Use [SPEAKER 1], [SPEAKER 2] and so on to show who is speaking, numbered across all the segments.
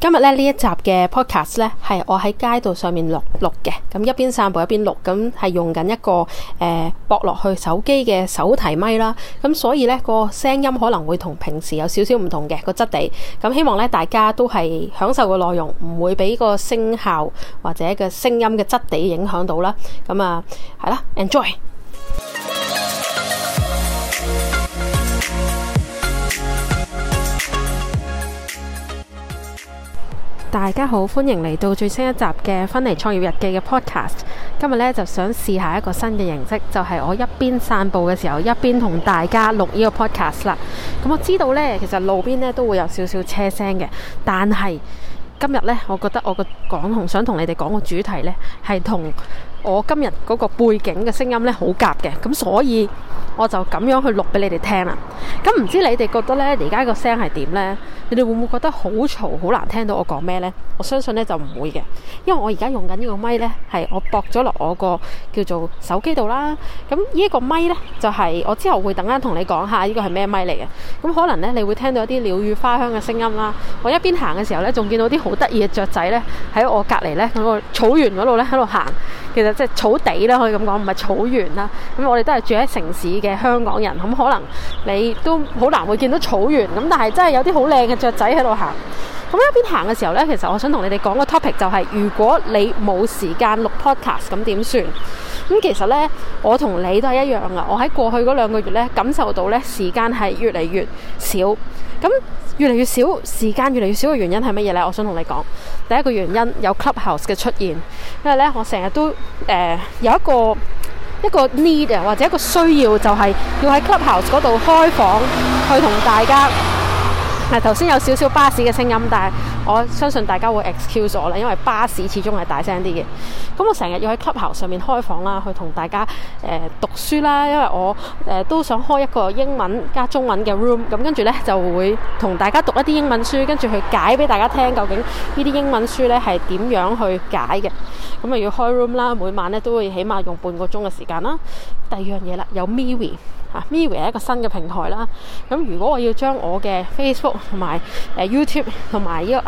[SPEAKER 1] 今日咧呢一集嘅 podcast 咧係我喺街道上面錄錄嘅，咁一邊散步一邊錄，咁係用緊一個誒，駁、呃、落去手機嘅手提咪啦，咁所以咧、個聲音可能會同平時有少少唔同嘅、個質地，咁希望咧大家都係享受個內容，唔會俾個聲效或者個聲音嘅質地影響到啦，咁啊係啦，enjoy。大家好，歡迎嚟到最新一集嘅《芬尼創業日記》嘅 podcast。今日呢，就想試下一個新嘅形式，就係、是、我一邊散步嘅時候，一邊同大家錄呢個 podcast 啦。咁、嗯、我知道呢，其實路邊呢都會有少少車聲嘅，但係今日呢，我覺得我個講同想同你哋講個主題呢，係同。我今日嗰個背景嘅聲音咧好夾嘅，咁所以我就咁樣去錄俾你哋聽啦。咁唔知你哋覺得咧，而家個聲係點咧？你哋會唔會覺得好嘈，好難聽到我講咩咧？我相信咧就唔會嘅，因為我而家用緊呢個咪咧係我駁咗落我個叫做手機度啦。咁呢個咪咧就係、是、我之後會等間同你講下呢個係咩咪嚟嘅。咁可能咧你會聽到一啲鳥語花香嘅聲音啦。我一邊行嘅時候咧，仲見到啲好得意嘅雀仔咧喺我隔籬咧個草原嗰度咧喺度行。其實即係草地啦，可以咁講，唔係草原啦。咁我哋都係住喺城市嘅香港人，咁可能你都好難會見到草原。咁但係真係有啲好靚嘅雀仔喺度行。咁一邊行嘅時候呢，其實我想同你哋講個 topic 就係，如果你冇時間錄 podcast，咁點算？咁其實呢，我同你都係一樣啊。我喺過去嗰兩個月呢，感受到呢時間係越嚟越少咁。越嚟越少，時間，越嚟越少嘅原因係乜嘢呢？我想同你講，第一個原因有 Clubhouse 嘅出現，因為呢，我成日都、呃、有一個一個 need 啊，或者一個需要就係、是、要喺 Clubhouse 嗰度開房去同大家。係頭先有少少巴士嘅聲音，但係。我相信大家會 excuse 我啦，因為巴士始終係大聲啲嘅。咁我成日要喺 Clubhouse 上面開房啦，去同大家誒、呃、讀書啦，因為我、呃、都想開一個英文加中文嘅 room。咁跟住呢就會同大家讀一啲英文書，跟住去解俾大家聽，究竟呢啲英文書呢係點樣去解嘅。咁啊要開 room 啦，每晚呢都會起碼用半個鐘嘅時間啦。第二樣嘢啦，有 MeWe 啊，MeWe 係一個新嘅平台啦。咁如果我要將我嘅 Facebook 同埋、呃、YouTube 同埋呢個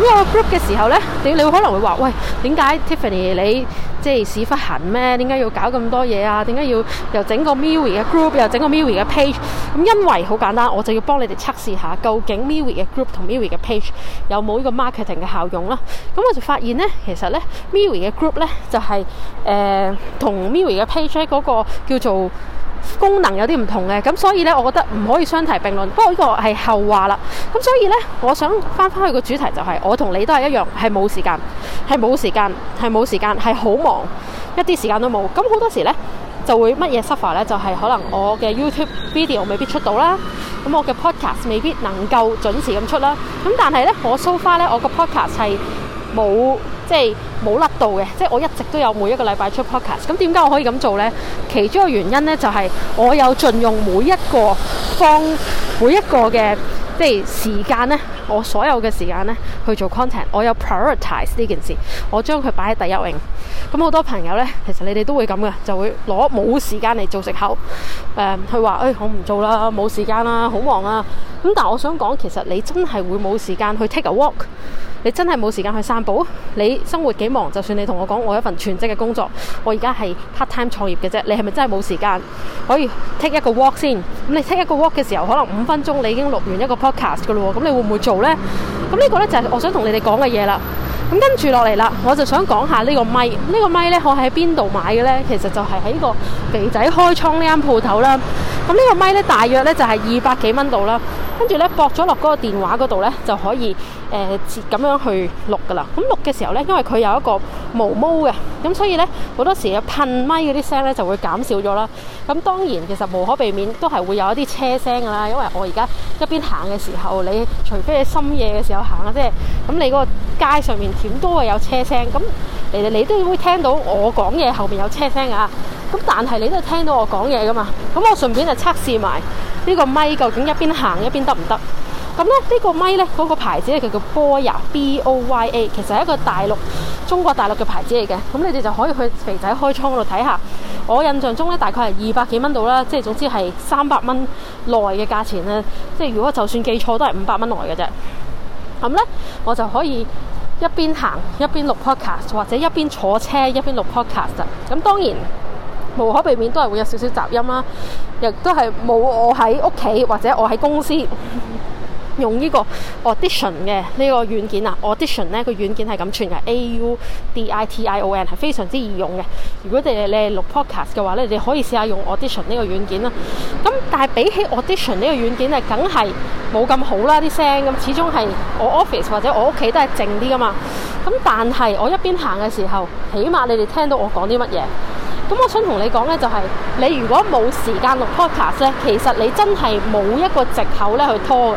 [SPEAKER 1] 咁、那、我、個、group 嘅時候咧，你你可能會話：喂，點解 Tiffany 你即係屎忽痕咩？點解要搞咁多嘢啊？點解要又整個 MeWe 嘅 group，又整個 MeWe 嘅 page？咁因為好簡單，我就要幫你哋測試下，究竟 MeWe 嘅 group 同 MeWe 嘅 page 有冇呢個 marketing 嘅效用啦。咁我就發現咧，其實咧 MeWe 嘅 group 咧就係、是、同、呃、MeWe 嘅 page 喺嗰個叫做，功能有啲唔同嘅，咁所以呢，我覺得唔可以相提並論。不過呢個係後話啦。咁所以呢，我想翻翻去個主題就係、是，我同你都係一樣，係冇時間，係冇時間，係冇時間，係好忙，一啲時間都冇。咁好多時呢，就會乜嘢 suffer 呢，就係、是、可能我嘅 YouTube video 未必出到啦，咁我嘅 podcast 未必能夠準時咁出啦。咁但係呢，我 so far 呢，我個 podcast 係。冇即係冇甩到嘅，即係我一直都有每一個禮拜出 podcast。咁點解我可以咁做呢？其中一個原因呢，就係我有盡用每一個方每一個嘅即係時間呢。我所有嘅時間呢，去做 content，我有 prioritize 呢件事，我將佢擺喺第一位。咁好多朋友呢，其實你哋都會咁嘅，就會攞冇時間嚟做食口。誒、嗯，佢話：誒、哎，我唔做啦，冇時間啦，好忙啊！咁但係我想講，其實你真係會冇時間去 take a walk，你真係冇時間去散步。你生活幾忙，就算你同我講我一份全職嘅工作，我而家係 part time 創業嘅啫，你係咪真係冇時間可以 take 一個 walk 先？咁你 take 一個 walk 嘅時候，可能五分鐘你已經錄完一個 podcast 嘅咯喎，咁你會唔會做？咧，咁呢個咧就係我想同你哋講嘅嘢啦。咁跟住落嚟啦，我就想講下呢個咪。呢個咪咧，我喺邊度買嘅咧？其實就係喺個肥仔開倉呢間鋪頭啦。咁呢個咪咧，大約咧就係二百幾蚊度啦。跟住咧，駁咗落嗰個電話嗰度咧，就可以誒，咁樣去錄噶啦。咁錄嘅時候咧，因為佢有一個毛毛嘅，咁所以咧好多時有噴咪嗰啲聲咧就會減少咗啦。咁當然，其實無可避免都係會有一啲車聲噶啦，因為我而家。一邊行嘅時候，你除非喺深夜嘅時候行啊，即係咁你嗰個街上面點都會有車聲，咁你哋你都會聽到我講嘢後邊有車聲啊，咁但係你都係聽到我講嘢噶嘛。咁我順便就測試埋呢個咪，究竟一邊行一邊得唔得？咁咧，呢個咪咧，嗰個牌子咧，佢叫 BoyA B O Y A，其實係一個大陸，中國大陸嘅牌子嚟嘅，咁你哋就可以去肥仔開倉嗰度睇下。我印象中咧，大概係二百幾蚊度啦，即係總之係三百蚊內嘅價錢咧。即係如果就算記錯都是500元，都係五百蚊內嘅啫。咁咧，我就可以一邊行一邊錄 podcast，或者一邊坐車一邊錄 podcast。咁當然無可避免都係會有少少雜音啦，亦都係冇我喺屋企或者我喺公司。用呢個 Audition 嘅呢個軟件啊，Audition 咧個軟件係咁串嘅，A U D I T I O N 係非常之易用嘅。如果你哋你錄 podcast 嘅話咧，你可以試下用 Audition 呢個軟件啦。咁但係比起 Audition 呢個軟件咧，梗係冇咁好啦啲聲咁，始終係我 office 或者我屋企都係靜啲噶嘛。咁但係我一邊行嘅時候，起碼你哋聽到我講啲乜嘢。咁我想同你講咧，就係，就係你如果冇時間錄 podcast 咧，其實你真係冇一個藉口咧去拖嘅。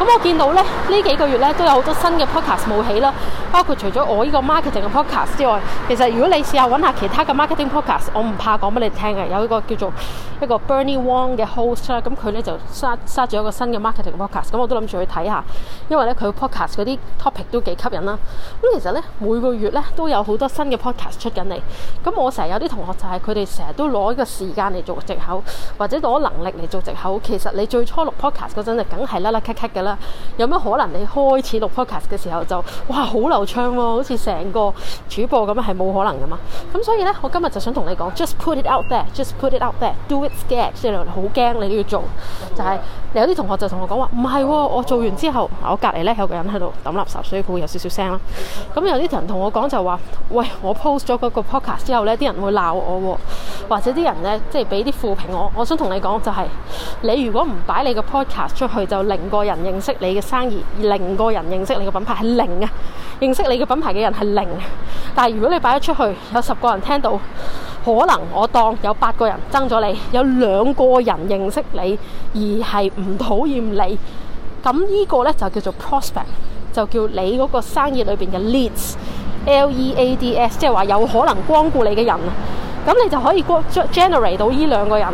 [SPEAKER 1] 咁我見到咧，呢幾個月咧都有好多新嘅 podcast 冒起啦，包括除咗我呢個 marketing 嘅 podcast 之外，其實如果你試下搵下其他嘅 marketing podcast，我唔怕講俾你聽嘅，有一個叫做一個 Bernie Wong 嘅 host 啦，咁佢咧就沙沙咗一個新嘅 marketing podcast，咁我都諗住去睇下，因為咧佢 podcast 嗰啲 topic 都幾吸引啦。咁其實咧每個月咧都有好多新嘅 podcast 出緊嚟。咁我成日有啲同學就係佢哋成日都攞個時間嚟做借口，或者攞能力嚟做借口，其實你最初錄 podcast 嗰陣就梗係啦啦咳咳嘅啦。有咩可能你開始錄 podcast 嘅時候就哇好流暢喎、啊，好似成個主播咁樣係冇可能噶嘛？咁所以呢，我今日就想同你講，just put it out there，just put it out there，do it scared 即係好驚你都要做。嗯、就係、是、你有啲同學就同我講話唔係喎，我做完之後，我隔離呢，有個人喺度抌垃圾，所以會有少少聲啦。咁有啲人同我講就話，喂，我 post 咗嗰個 podcast 之後呢，啲人會鬧我喎、啊，或者啲人呢，即係俾啲負評我。我想同你講就係、是，你如果唔擺你個 podcast 出去，就令個人認。識你嘅生意，零個人認識你個品牌係零嘅，認識你嘅品牌嘅人係零嘅。但係如果你擺咗出去，有十個人聽到，可能我當有八個人憎咗你，有兩個人認識你而係唔討厭你，咁呢個呢就叫做 prospect，就叫你嗰個生意裏邊嘅 leads，L-E-A-D-S，即係話有可能光顧你嘅人，咁你就可以 generate 到呢兩個人。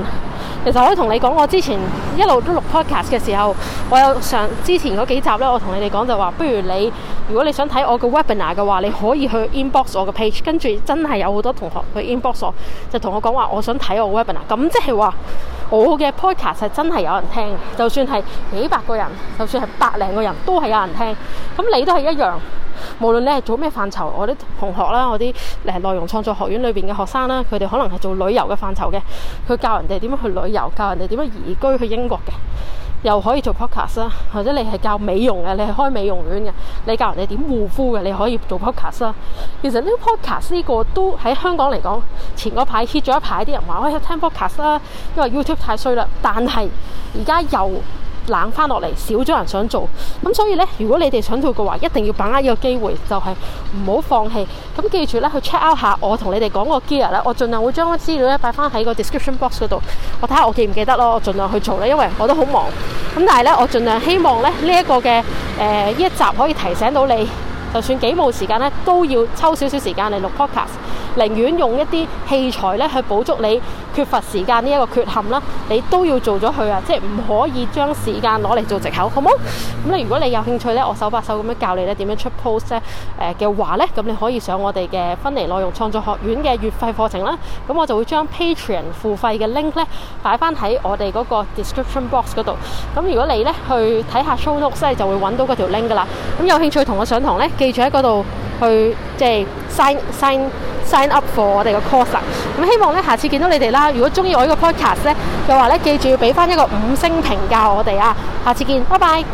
[SPEAKER 1] 其實可以同你講，我之前一路都錄 podcast 嘅時候。我有上之前嗰幾集咧，我同你哋講就話，不如你如果你想睇我個 webinar 嘅話，你可以去 inbox 我個 page，跟住真係有好多同學去 inbox 我，就同我講話，我想睇我 webinar，咁即係話我嘅 podcast 真係有人聽，就算係幾百個人，就算係百零個人都係有人聽，咁你都係一樣，無論你係做咩範疇，我啲同學啦，我啲誒內容創作學院裏邊嘅學生啦，佢哋可能係做旅遊嘅範疇嘅，佢教人哋點樣去旅遊，教人哋點樣移居去英國嘅。又可以做 podcast 啦，或者你係教美容嘅，你係開美容院嘅，你教人哋點護膚嘅，你可以做 podcast 啦。其實呢個 podcast 呢個都喺香港嚟講，前嗰排 hit 咗一排，啲人話可以聽 podcast 啦，因為 YouTube 太衰啦。但係而家又，冷翻落嚟，少咗人想做，咁所以呢，如果你哋想做嘅話，一定要把握呢個機會，就係唔好放棄。咁記住呢，去 check out 下我同你哋講個 gear 咧，我盡量會將啲資料咧擺翻喺個 description box 度，我睇下我記唔記得咯，我盡量去做咧，因為我都好忙。咁但係呢，我盡量希望咧呢一個嘅誒、呃、一集可以提醒到你。就算幾冇時間咧，都要抽少少時間嚟錄 podcast，寧願用一啲器材咧去補足你缺乏時間呢一個缺陷啦。你都要做咗佢啊，即係唔可以將時間攞嚟做藉口，好冇？咁如果你有興趣咧，我手把手咁樣教你咧點樣出 post 誒嘅話咧，咁你可以上我哋嘅芬尼內容創作學院嘅月費課程啦。咁我就會將 Patreon 付費嘅 link 咧擺翻喺我哋嗰個 description box 嗰度。咁如果你咧去睇下 show notes 咧，就會揾到嗰條 link 噶啦。咁有興趣同我上堂咧？記住喺嗰度去，即係 sign sign sign up for 我哋嘅 course，啊。咁希望咧，下次見到你哋啦。如果中意我呢個 podcast 咧，就話咧，記住要俾翻一個五星評價我哋啊！下次見，拜拜。